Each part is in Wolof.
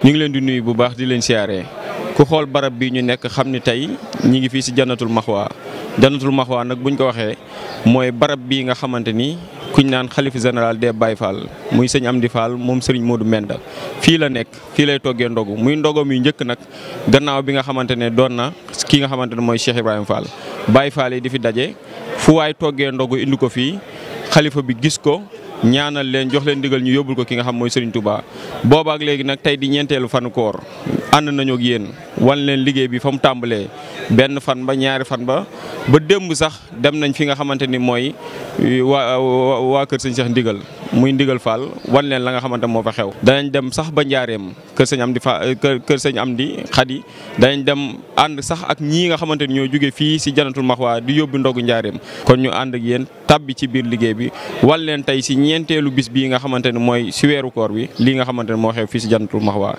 ñu ngi leen di nuyu bu baax di leen siyaaree ku xool barab bi ñu nekk xam ni tey ñi ngi fii si janatul maxwaa janatul maxwaa nag buñ ko waxee mooy barab bii nga xamante ni kuñ naan xalifa général des Baye Fall muy sëñ Amdi Fall moom sëriñ Modou Menda fii la nekk fii lay toggee ndogu muy ndogom yu njëkk nag gannaaw bi nga xamante ne doon na ki nga xamante ne mooy Cheikh Ibrahima Fall Baye Fall yi di fi daje fu waay toggee ndogu indi ko fii xalifa bi gis ko ñaanal leen jox leen ndigal ñu yóbbul ko ki nga xam mooy Serigne booba ak léegi nag tey di ñeenteelu fanu koor ànd nañu ak yéen wan leen liggéey bi fa mu tàmbalee benn fan ba ñaari fan ba ba démb sax dem nañ fi nga xamante ni mooy waa waa kër sëñ Cheikh ndigal muy ndigal Fall wan leen la nga xamante moo fa xew. danañ dem sax ba njaareem kër sëñ Amdi fa kër kër sëñ Amdi Xadi danañ dem ànd sax ak ñii nga xamante ni ñoo jóge fii si janatul maxwaa di yóbbu ndogu njaareem kon ñu ànd ak yéen tàbbi ci biir liggéey bi wan tey si ñeenteelu bis bii nga xamante ne mooy si weeru koor bi lii nga xamante ne moo xew fii jantu Jannatul waar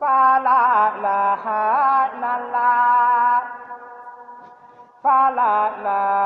fa la la la la fa la la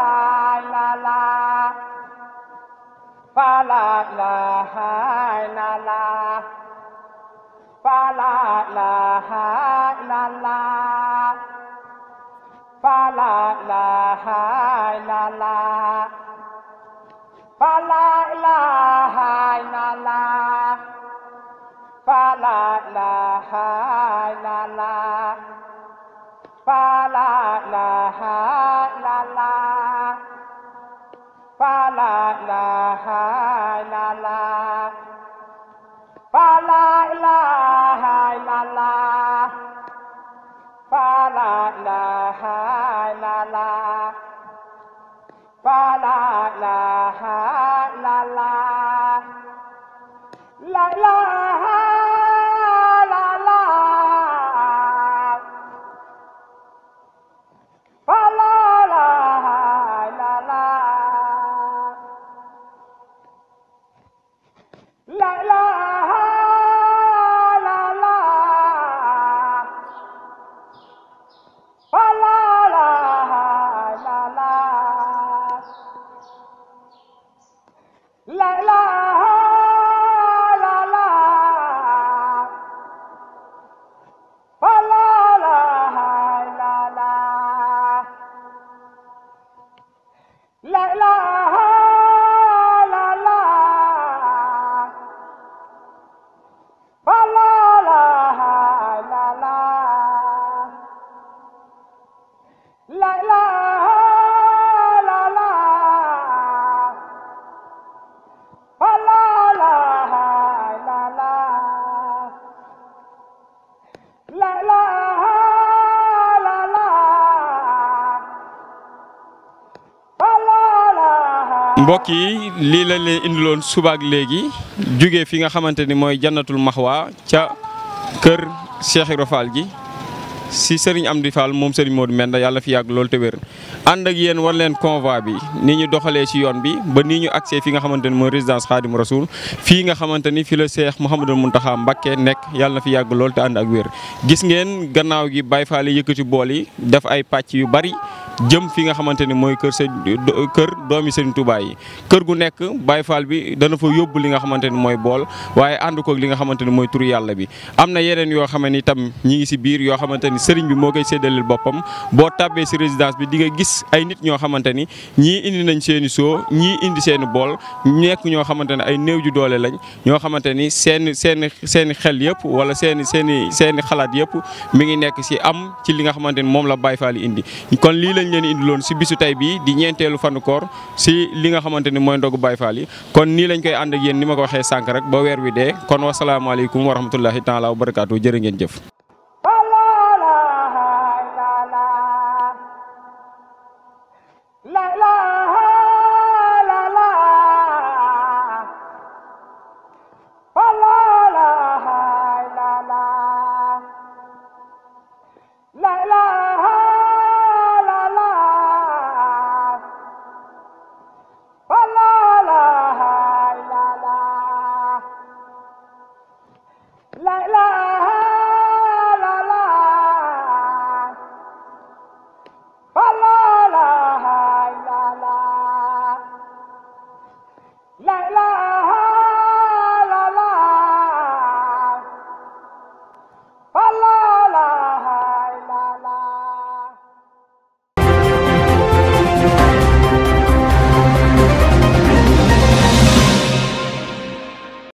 la ilaha la la mbokk yi lii lañ leen indiloon suba ak léegi jóge fi nga xamante ni mooy jannatul maxwa ca kër Cheikh Ibra Fall gi si Serigne di Fall moom Serigne Modou Menda yàlla fi yàgg lool te wér ànd ak yéen war leen convoi bi ni ñu doxalee si yoon bi ba nii ñu agsee fi nga xamante ni mooy résidence Khadim Rasoul fii nga xamante ni fi la Cheikh Mouhamadou Mountakha Mbacké nekk yàlla na fi yàgg loolu te ànd ak wér gis ngeen gannaaw gi Baye Fall yëkkati bool yi def ay pàcc yu bari jëm fi nga xamante ni mooy kër sëñ kër doomi sëñ tubaay yi kër gu nekk Baye Fall bi dana fa yóbbu li nga xamante ni mooy bool waaye ànd koog li nga xamante ni mooy turu bi am na yeneen yoo xam itam ñi ngi si biir yoo xamante ni sëriñ bi moo koy séddaleel boppam boo tàbbee si résidence bi di nga gis ay nit ñoo xamante ni ñii indi nañ seeni soo ñii indi seeni bool nekk ñoo xamante ne ay néew ju doole lañ ñoo xamante ni seen seen seen xel yëpp wala seeni seen i seen xalaat yëpp mu ngi nekk si am ci li nga xamante ni moom la Baye Fall indi kon lii lañ lañ leen indiloon si bisu tey bii di ñeenteelu fanu koor si li nga xamante ni mooy ndogu Baay Faal yi kon nii lañ koy ànd ak yéen ni ma ko waxee sànq rek ba weer wi dee kon wasalaamaaleykum wa rahmatullahi taala wa barakaatu jërë ngeen jëf